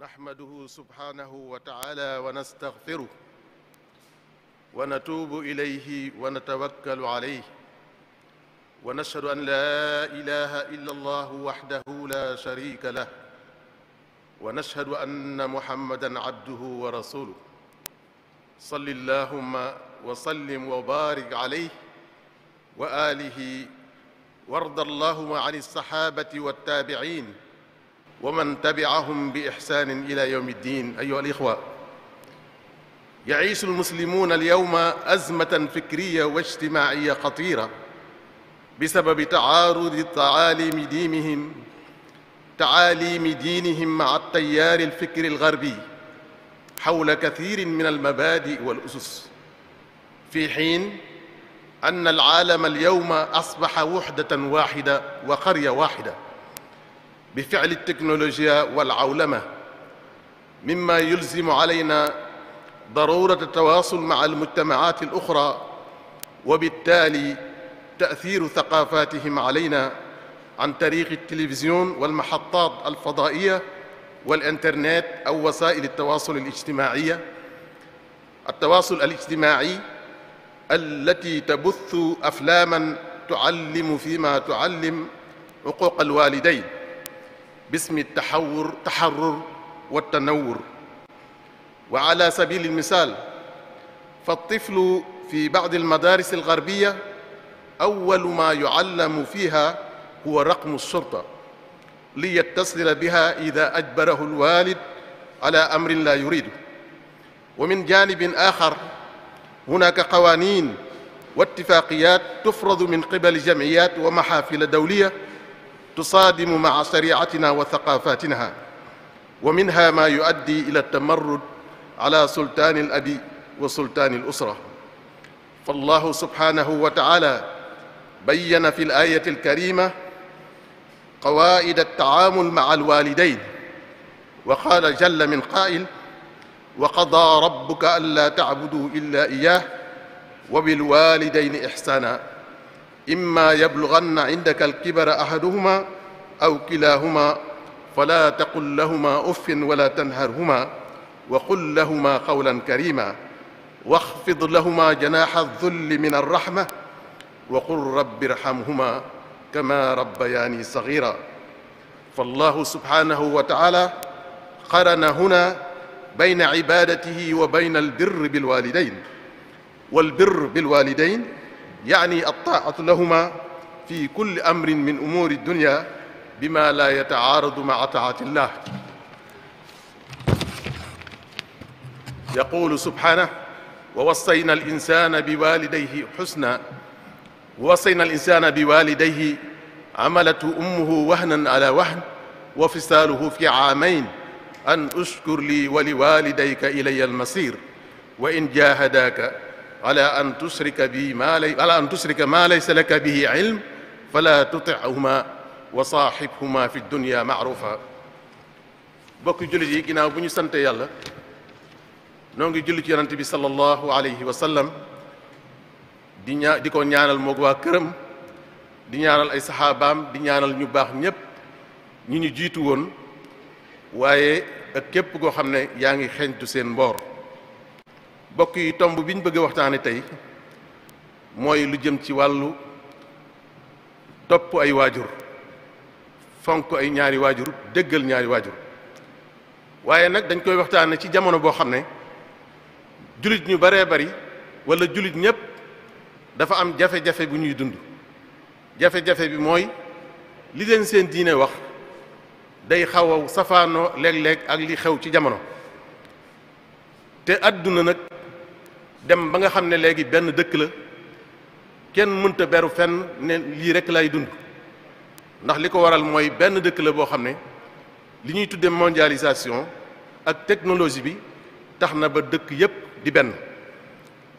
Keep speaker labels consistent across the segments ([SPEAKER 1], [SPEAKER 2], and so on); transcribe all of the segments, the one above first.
[SPEAKER 1] نحمده سبحانه وتعالى ونستغفره ونتوب إليه ونتوكل عليه ونشهد أن لا إله إلا الله وحده لا شريك له ونشهد أن محمدا عبده ورسوله صل اللهم وسلم وبارك عليه وآله وارض اللهم عن الصحابة والتابعين ومن تبعهم بإحسان إلى يوم الدين أيها الإخوة يعيش المسلمون اليوم أزمة فكرية واجتماعية خطيرة بسبب تعارض تعاليم دينهم تعاليم دينهم مع التيار الفكري الغربي حول كثير من المبادئ والأسس في حين أن العالم اليوم أصبح وحدة واحدة وقرية واحدة بفعل التكنولوجيا والعولمة مما يلزم علينا ضرورة التواصل مع المجتمعات الأخرى وبالتالي تأثير ثقافاتهم علينا عن طريق التلفزيون والمحطات الفضائية والإنترنت أو وسائل التواصل الاجتماعية التواصل الاجتماعي التي تبث أفلاماً تعلم فيما تعلم حقوق الوالدين باسم التحور تحرر والتنور وعلى سبيل المثال فالطفل في بعض المدارس الغربية أول ما يعلم فيها هو رقم الشرطة ليتصل بها إذا أجبره الوالد على أمر لا يريده ومن جانب آخر هناك قوانين واتفاقيات تفرض من قبل جمعيات ومحافل دولية tusaadimu maa shariatina wa thaqafatinaha wa minha maa yuaddi ila tamarrud ala sultaani al abi wa sultaani al usra fallahu subhanahu wa taala bayyana fi alayati alkarima qawaida altacaamul maa alwalidayn wa qaala jalla min qaa'il wa qadaa rabbuka an laa tacbuduu illa iyyaahu wa bilwaalidayni ixsaana imma yablughanna indaka alkibara ahaduhuma aw kilahuma fala taqul lahuma uffin wala tanharhuma wa qul lahuma qawlan karima waxfid lahuma janaxa aldulli min alraxma wa qul rabbi irhamhuma kama rabbayaani sagira فالله سبحانه وتعالى قرن هنا بين عبادته وبين البر بالوالدين والبر بالوالدين yaani altaatu lahuma fi kulli amrin min umuri dunia bi ma la yataaradu maa taatillah yaqulu subhanahu wa wassayna al insana bi walidayhi xusna wa wassayna al insana bi walidayhi amalathu ummuhu wahnan ala wahn wa fisaaluhu fi aamayn an ushkur li wa liwalidayka ilaya almasir wa in jahadaaka ala an tushrika bi ma lay ala an tushrika ma laysa laka bihi ilm fala tutihuma wa saaxibhuma fi dunya maarufa bokk jullit yi ginnaaw bu ñu sante yàlla noo ngi julli ci yonent bi sallallahu alayhi wa sallam di ñaa di ko ñaanal moog waa këram di ñaanal ay saxaabaam di ñaanal ñu baax ñépp ñi ñu jiitu woon waaye ak képp koo xam ne yaa ngi xeeñtu seen mboor bokk yi tomb bi ñu bëgg waxtaane tey mooy lu jëm ci wàllu topp ay waajur fonk ay ñaari waajur déggal ñaari waajur waaye nag dañ koy waxtaane ci jamono boo xam ne jullit ñu baree bari wala jullit ñépp dafa am jafe-jafe bu ñuy dund jafe-jafe bi mooy li leen seen diine wax day xaw a safaanoo léeg-léeg ak li xew ci jamono te àdduna nag dem ba nga xam ne léegi benn dëkk la kenn mënta beru fenn ne lii rek lay dund ndax li ko waral mooy benn dëkk la boo xam ne li ñuy tudde mondialisation ak technologie bi tax na ba dëkk yépp di benn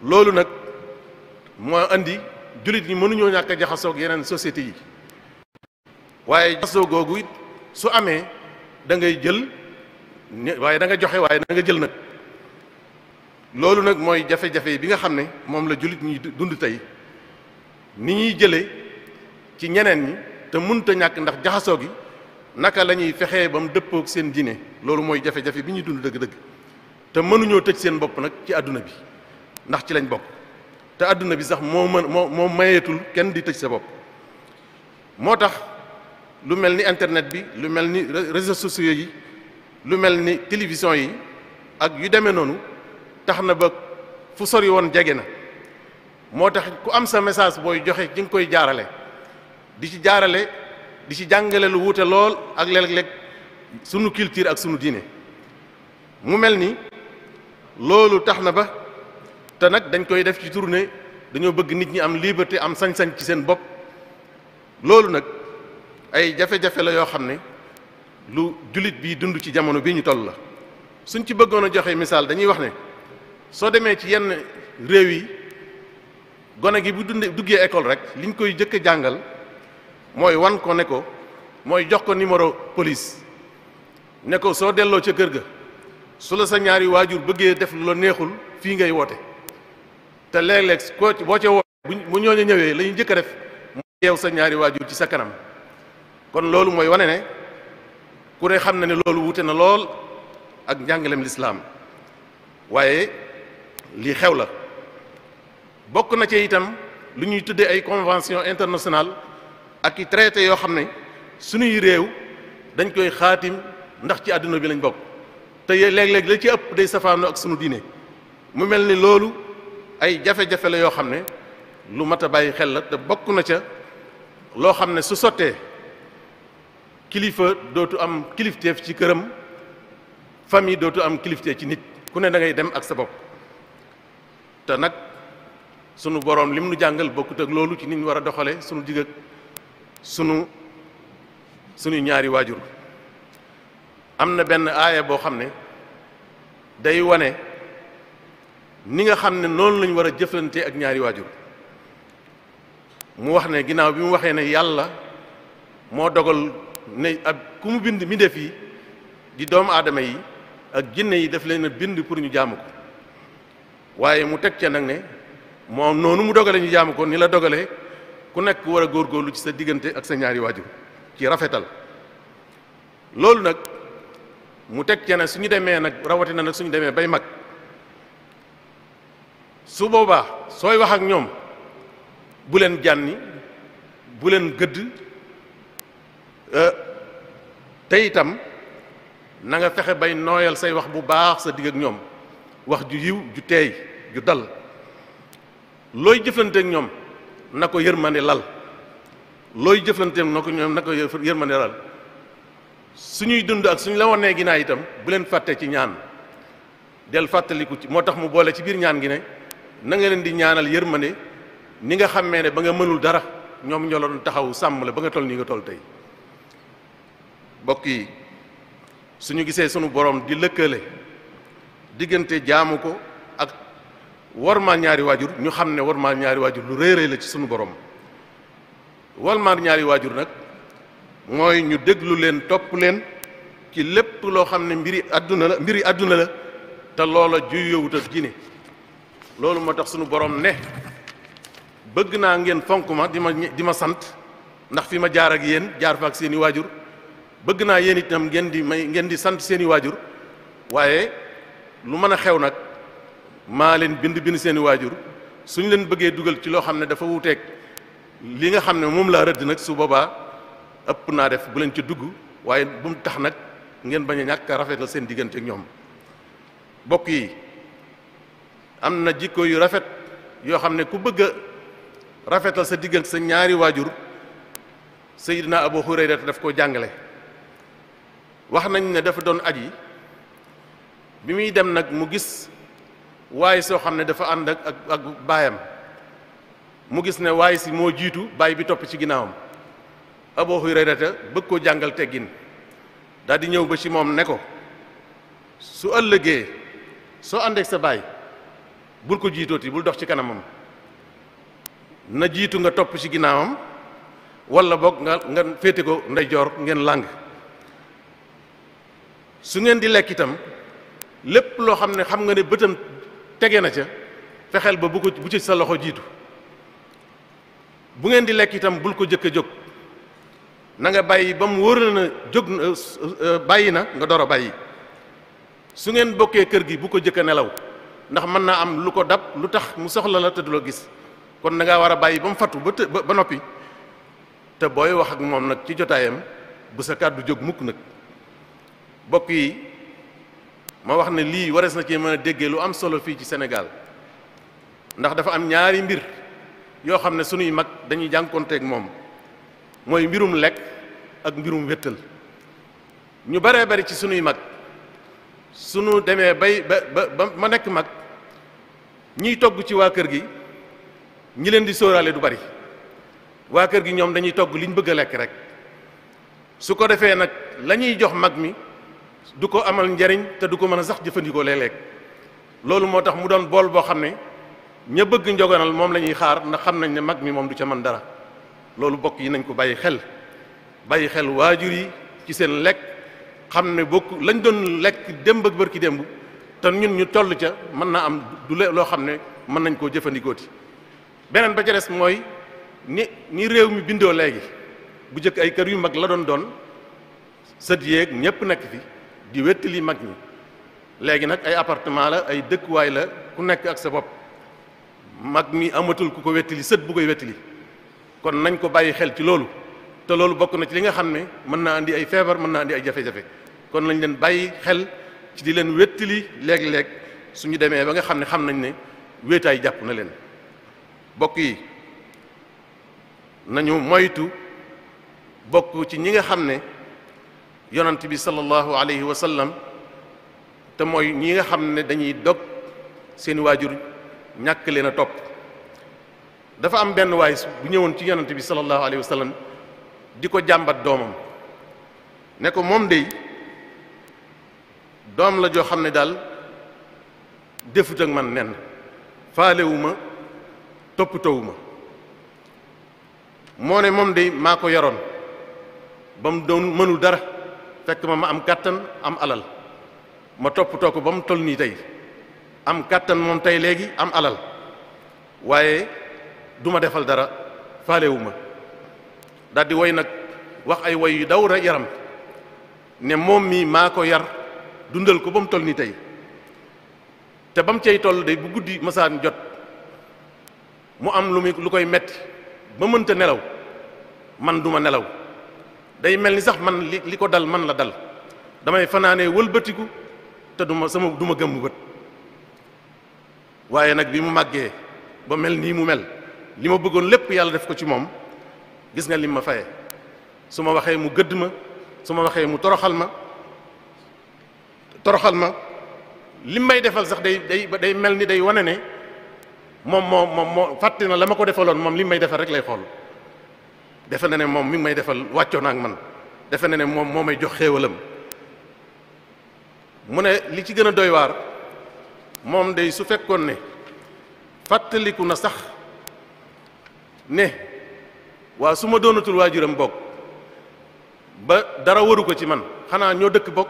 [SPEAKER 1] loolu nag moo indi jullit yi mënuñoo ñàkk a yeneen société yi waaye jaxasoo googu it su amee da ngay jël waaye da nga joxe waaye da nga jël nag loolu nag mooy jafe-jafe bi nga xam ne moom la jullit ñuy dund tey ni ñuy jëlee ci ñeneen ñi te munta ñàkk ndax jaxasoo gi naka lañuy fexe ba mu dëppook seen diine loolu mooy jafe-jafe bi ñuy dund dëgg-dëgg te mënuñoo tëj seen bopp nag ci àdduna bi ndax ci lañ bokk te àdduna bi sax moo mën moo moo mayeetul kenn di tëj sa bopp moo tax lu mel ni internet bi lu mel ni réseaux sociaux yi lu mel ni télévision yi ak yu demee noonu tax na ba fu sori woon jege na moo tax ku am sa message booy joxe ci nga koy jaarale di ci jaarale di ci jàngale lu wuute lool ak léeg-léeg sunu culture ak sunu diine mu mel ni loolu tax na ba te nag dañ koy def ci tournée dañoo bëgg nit ñi am liberté am sañ-sañ ci seen bopp loolu nag ay jafe-jafe la yoo xam ne lu jullit bii dund ci jamono bii ñu toll la suñ ci bëggoon a joxe misaal dañuy wax ne soo demee ci yenn réew yi gone gi bu dundee duggee école rek liñ koy jëkk jàngal mooy wan ko ne ko mooy jox ko numéro police ne ko soo delloo ca kër ga su la sa ñaari waajur bëggee def lu la neexul fii ngay woote te léeg-léeg koo boo ca woote bu ñooñu ñëwee lañu ñu njëkk a def mooy yeew sa ñaari waajur ci sa kanam kon loolu mooy wane ne ku ne xam na ne loolu wute na lool ak njàngalem lislaam waaye lii xew la bokk na ci itam lu ñuy tuddee ay convention internationale ak i traité yoo xam ne suñuy réew dañ koy xaatim ndax ci àdduna bi lañ bokk te léeg-léeg la ci ëpp day safaanoo ak sunu diine mu mel ni loolu ay jafe-jafe la yoo xam ne lu mat a bàyyi xel la te bokk na ca loo xam ne su sottee kilifa dootu am kilifteef ci këram famille dootu am kilifteef ci nit ku ne da ngay dem ak sa bopp te nag sunu boroom lim nu jàngal bokkut ak loolu ci ni war a doxale sunu digg ak sunu sunu ñaari waajur am na benn aaya boo xam ne day wane ni nga xam ne noonu lañu war a jëflante ak ñaari waajur mu wax ne ginnaaw bi mu waxee ne yàlla moo dogal ne ab ku mu bind mi def yi di doomu aadama yi ak jinne yi daf leen bind pour ñu jaamu ko waaye mu teg ca nag ne moom noonu mu dogale ñu jaamu ko ni la dogalee ku nekk war a góorgóorlu ci sa diggante ak sa ñaari waajur ci rafetal loolu nag mu teg ca ne ñu demee nag rawatina nag suñu demee bay mag su boobaa sooy wax ak ñoom buleen leen jànni bu leen gëdd euh, te itam nanga nga fexe bay nooyal say wax bu baax sa digg ak ñoom wax ju yiw ju teey ju dal looy jëflanteek ñoom na ko yërmande lal looy jëflanteek na ko ñoom na ko yërmande lal suñuy dund ak suñ la wonee ginnaaw itam bu leen fàttee ci ñaan del fàttaliku ci moo tax mu boole ci biir ñaan gi ne na nga leen di ñaanal yërmande ni nga xamee ne ba nga mënul dara ñoom ñoo doon taxaw sàmm la ba nga toll nii nga toll tey mbokk yi suñu gisee sunu borom di lëkkale diggante jaamu ko ak wormaal ñaari waajur ñu xam ne wormaal ñaari waajur lu réeréy la ci suñu borom wormaal ñaari waajur nag mooy ñu déglu leen topp leen ci lépp loo xam ne mbiri àdduna la mbiri àdduna la te loola juyowut ak diine loolu moo tax suñu borom ne bëgg naa ngeen fonk ma di ma sant ndax fi ma jaar ak yéen jaar fa ak seen waajur bëgg naa yéen itam ngeen di may ngeen di sant seeni waajur waaye lu mën a xew nag maa leen bind bind seeni waajur suñ leen bëggee dugal ci loo xam ne dafa wuuteeg li nga xam ne moom laa rëdd nag su boobaa ëpp naa def bu leen ci dugg waaye bu mu tax nag ngeen bañ a ñàkk rafetal seen diggante ñoom bokk yi am na jikko yu rafet yoo xam ne ku bëgg a rafetal sa diggante sa ñaari waajur Seydina Abu Hurayra daf koo jàngale wax nañ ne dafa doon yi bi muy dem nag mu gis waaye soo xam ne dafa ànd ak ak baayam mu gis ne waaye si moo jiitu baay bi topp ci ginnaawam Abu Hurayrata bëgg koo jàngal teggin daal di ñëw ba ci moom ne ko su ëllëgee soo àndeek sa baay bul ko jiitooti bul dox ci kanamam na jiitu nga topp ci ginnaawam walla boog nga nga féete ko ndeyjoor ngeen làng su ngeen di lekk itam lépp loo xam ne xam nga ne bëtam tege na ca fexeel ba bu ko ci sa loxo jiitu bu ngeen di lekk itam bul ko jëkk a jóg na nga bàyyi ba mu wóor na jóg euh, euh, bàyyi na nga door a bàyyi su ngeen bokkee kër gi bu ko jëkk nelaw ndax mën naa am lu ko dab lu tax mu soxla la te du la gis kon da ngaa war a bàyyi ba mu fattu ba ba noppi te booy wax ak moom nag ci jotaayam bu sa kàddu jóg mukk nag bokk yi ma wax ne lii warees na cee mën a déggee lu am solo fii ci Sénégal ndax dafa am ñaari mbir yoo xam ne sunuy mag dañuy jànkonteeg moom mooy mbirum lekk ak mbirum wéttal ñu baree bari ci sunuy mag sunu demee bay ba ba ma nekk mag ñiy togg ci waa kër gi ñi leen di sóoraale du bari waa kër gi ñoom dañuy togg liñ bëgg a lekk rek su ko defee nag la ñuy jox mag mi du ko amal njariñ te du ko mën a sax jëfandikoo lee léeg loolu moo tax mu doon bool boo xam ne ña bëgg njogonal moom la ñuy xaar ndax xam nañ ne mag mi moom du ca mën dara loolu bokk yi nañ ko bàyyi xel bàyyi xel waajur yi ci seen lekk xam ne bokk lañ doon lekk démb ak ki démb te ñun ñu toll ca mën naa am du loo xam ne mën nañ koo jëfandikooti beneen ba ca des mooy ni ni réew mi bindoo léegi bu njëkk ay kër yu mag la doon doon sët yeeg ñëpp nekk fi di wéttali mag ñi léegi nag ay appartement la ay dëkkuwaay la ku nekk ak sa bopp mag mi amatul ku ko wéttali sët bu koy wéttali kon nañ ko bàyyi xel ci loolu te loolu bokk na ci li nga xam ne mën naa andi ay feebar mën naa andi ay jafe-jafe kon lañ leen bàyyi xel ci di leen wéttali léeg-léeg suñu demee ba nga xam ne xam nañ ne wéetaay jàpp na leen bokk yi nañu moytu bokk ci ñi nga xam ne yonant bi sallallahu alayhi wa sallam te mooy ñi nga xam ne dañuy dog seen waajur ñàkk leen a topp dafa am benn waay bu ñëwoon ci yonant bi sallallahu alayhi wa sallam di ko jàmbat doomam ne ko moom day doom la joo xam ne daal defut ak man nen faalewuma toppatawuma moo ne moom day maa ko yoroon ba mu doon mënul dara fekk ma ma am kàttan am alal ma toppatoo ko ba mu toll nii tey am kàttan moom tey léegi am alal waaye duma defal dara faalewu ma daldi woy nag wax ay woy yu daw ra yaram ne moom mii maa ko yar dundal ko ba mu toll nii tey te ba mu cay toll day bu guddi masaan jot mu am lu muy lu koy metti ba mënta nelaw man duma nelaw day mel ni sax man li li ko dal man la dal damay fanaanee wëlbatiku te duma sama du ma gëmm bët waaye nag bi mu màggee ba mel nii mu mel li ma bëggoon lépp yàlla def ko ci moom gis nga lim ma faye su ma waxee mu gëdd ma su ma waxee mu toroxal ma toroxal ma lim may defal sax day day day mel ni day wane ne moom moo moom moo fàtte na la ma ko defaloon moom lim may defal rek lay xool defe na ne moom mi may defal wàccoon ak man defe na ne moom moo may jox xéewalam mu ne li ci gën a doy waar moom day su fekkoon ne fàttaliku na sax ne waa su ma doonatul waajuram bokk ba dara waru ko ci man xanaa ñoo dëkk bokk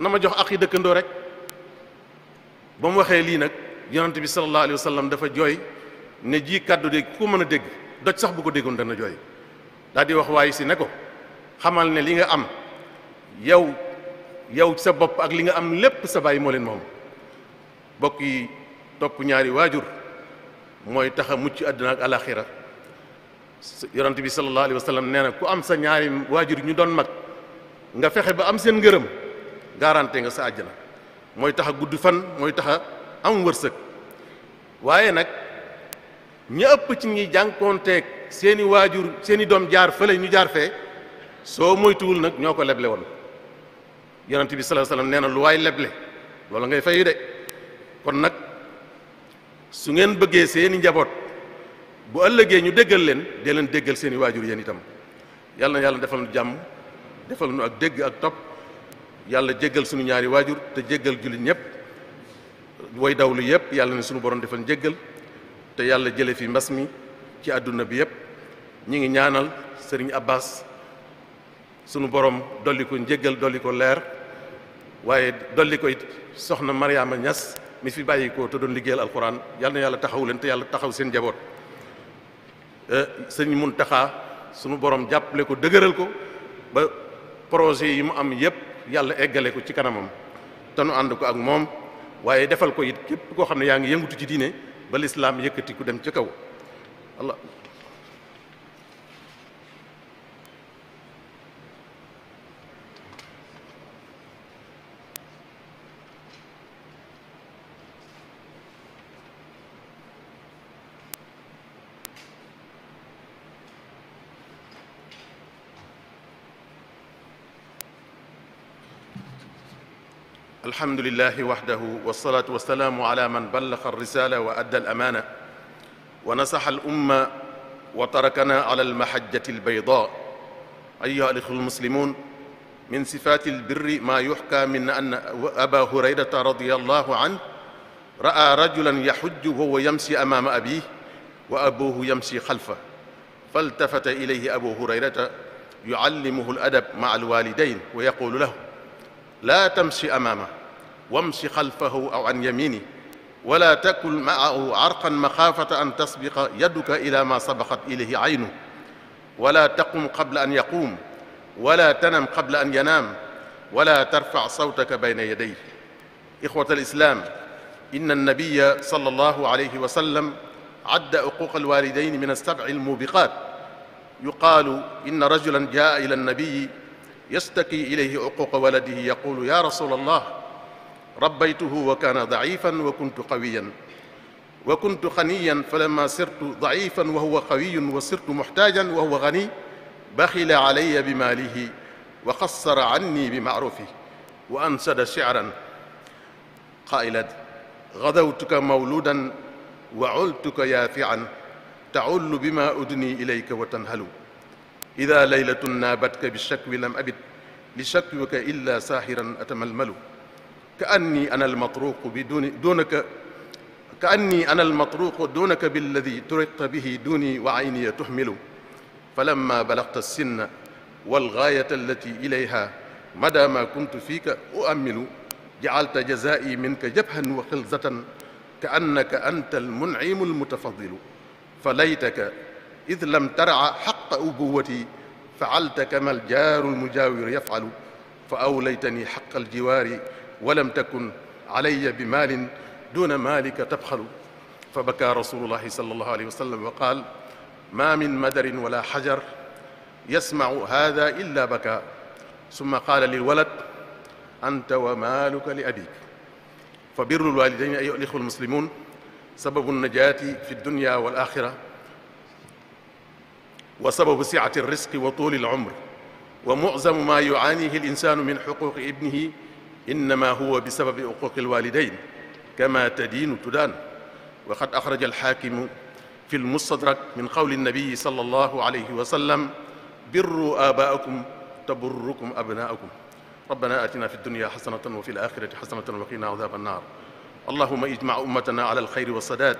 [SPEAKER 1] na ma jox ak yi dëkkandoo rek ba mu waxee lii nag yonante bi sallallahu alayhi wa sallam dafa jooy ne ji kàddu de ku mën a dégg doj sax bu ko déggoon dana jooy daal di wax waaye si ne ko xamal ne li nga am yow yow sa bopp ak li nga am lépp sa baay moo leen moom bokk yi topp ñaari waajur mooy tax a mucc àdduna ak alaxira yonent bi sallallahu alayhi wa sallam nee na ku am sa ñaari waajur ñu doon mag nga fexe ba am seen ngërëm garanté nga sa la mooy tax a gudd fan mooy tax a am wërsëg waaye nag ña ëpp ci ñi jànkoonteeg seeni waajur seeni doom jaar fële ñu jaar fee soo moytuwul nag ñoo ko leble woon yonent bi sallallahu alayhi wasallam nee na lu waay leble loolu ngay fayu de kon nag su ngeen bëggee seeni njaboot bu ëllëgee ñu déggal leen dee leen déggal seeni waajur yéen itam yàlla na yàlla defal nu jàmm defal nu ak dégg ak topp yàlla jéggal suñu ñaari waajur te jéggal jullit ñëpp way dawlu yëpp yàlla na sunu boroon defal jéggal te yàlla jële fi mbas mi ci àdduna bi yëpp ñu ngi ñaanal sëriñ Abbas sunu borom dolli ko njéggal dolli ko leer waaye dolli ko it soxna Mariama Ñas mi fi bàyyi ko te doon liggéeyal alxuraan yal na yàlla taxaw leen te yàlla taxaw seen njaboot eh, sëriñ taxaa sunu borom jàppale ko dëgëral ko ba projet yi mu am yépp yàlla eggale ko ci kanamam te nu ànd ko ak moom waaye defal ko it képp koo xam ne yaa ngi yëngutu ci diine ba lislaam yëkkati ku dem ca kaw alhamdulilahi waxdahu walsalaatu walsalaamu ala man ballaqa alrisala wa adda alamaana wa nasaxa alumma wa tarakana ala almahajjati albayda ayoha al ixwa almuslimun min sifaati albirri maa yuxka min an aba hurayrata radiyallahu anhu ra'a rajulan yaxujju wa huwa yamsi amaama abiihi wa abuuhu yamsi xalfahu faltafata ilayhi abu hurayrata yuallimuhu al adab ma'a alwaalidayn wa yaquulu lahu laa tamsi amaama wamshi xalfahu aw an yamini wala takul maahu arqan maxaafata an tasbiqa yaduka ila ma sabaqat ilayhi aynu wala taqum qabla an yaquum wala tanam qabla an yanaam wala tarfac sawtaka bayna yaday ixwat alislaam inna annabiya sal allahu alayhi wa sallam adda uquqa alwalidayn min alsabci almubiqat yuqaalu inna rajulan jaa ila annabiyi yastaki ilayhi uquqa waladihi yaqulu ya rasul allah rabbaytuhu wa kaana daifan wa kuntu qawiyan wa kuntu xaniyan falamma sirtu daifan wa huwa qawiyun wa sirtu muxtaajan wa huwa xani baxila alaya bi maalihi wa xassara anni bi maarufi wa ansada shiran qaa'ilan gadawtuka mawluudan wa ultuka yaafian taullu bima udni ilayka wa tanhalu ida laylatun naabatka bi shakwi lam abid li shakwika illa saahiran atamalmalu ka anni ana almatruqu bi duni dunaka ka anni ana almatruqu dunaka billadi turiqta bihi duni wa ayniya tuhmilu falamma balagta alsinna walgaayata allati ilayha madama kuntu fiika uamilu jacalta jazaa'i minka jabhan wa xilzatan ka annaka anta almuncimu almutafadilu fa laytaka id lam tarca xaqa ubuwati facalta kama aljaaru almujaawiru yafcalu fa awlaytani xaqa aljiwaari walam takun alaya bi maalin duna maalika tabxalu fa bakaa rasulullahi sallallahu alayhi wa sallam wa qaal ma min madarin wala xajar yasmacu hada illa bakaa summa qaala lil walad anta wa maaluka li abik fa birru lwalidayni ayyuha alixwa almuslimun sababu najaati fi dunya wal axira wa sababu siati alrisqi wa tuuli alumr wa muzamu ma yucaanihi alinsanu min xuquqi ibnihi innama huwa bi sababi uquqi alwalidayn kama tadiinu tudaan wa qad axraja alxaakimu fi lmustadrak min qawli annabiyi sal allahu alayhi wa sallam birru abaakum taburrukum abnaakum rabbana atina fi dunya xasanatan wa fi alaxirati xasanatan wa qina adab annaar allahuma ijmac ummatana ala alxayri walsadaad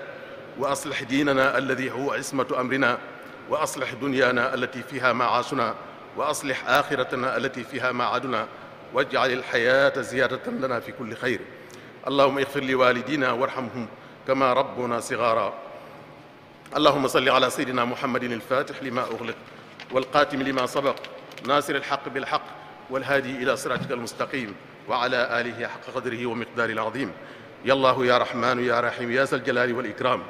[SPEAKER 1] wa aslix diinana alladi huwa ismatu amrina wa aslix dunyaana allati fiha macaashuna wa aslix axiratana allati fiha macaaduna واجعل الحياة زيادة لنا في كل خير اللهم اغفر لوالدينا وارحمهم كما ربنا صغارا اللهم صل على سيدنا محمد الفاتح لما أغلق والقاتم لما سبق ناصر الحق بالحق والهادي إلى صراطك المستقيم وعلى آله حق قدره ومقداره العظيم يا الله يا رحمن يا رحيم يا ذا الجلال والإكرام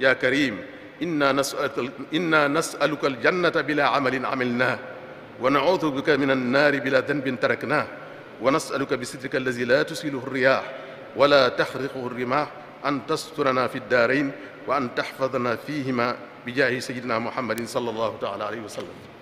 [SPEAKER 1] يا كريم إنا نسألك, إنا نسألك الجنة بلا عمل عملناه ونعوذ بك من النار بلا ذنب تركناه wa nasaluka bi sitrika allazi la tusiluhu riyah wala taxriquhu rimah an tasturana fi daarayn wa an taxfadana fihima bi jaahi sayidina muhammadin sallallahu taala alayhi wa sallam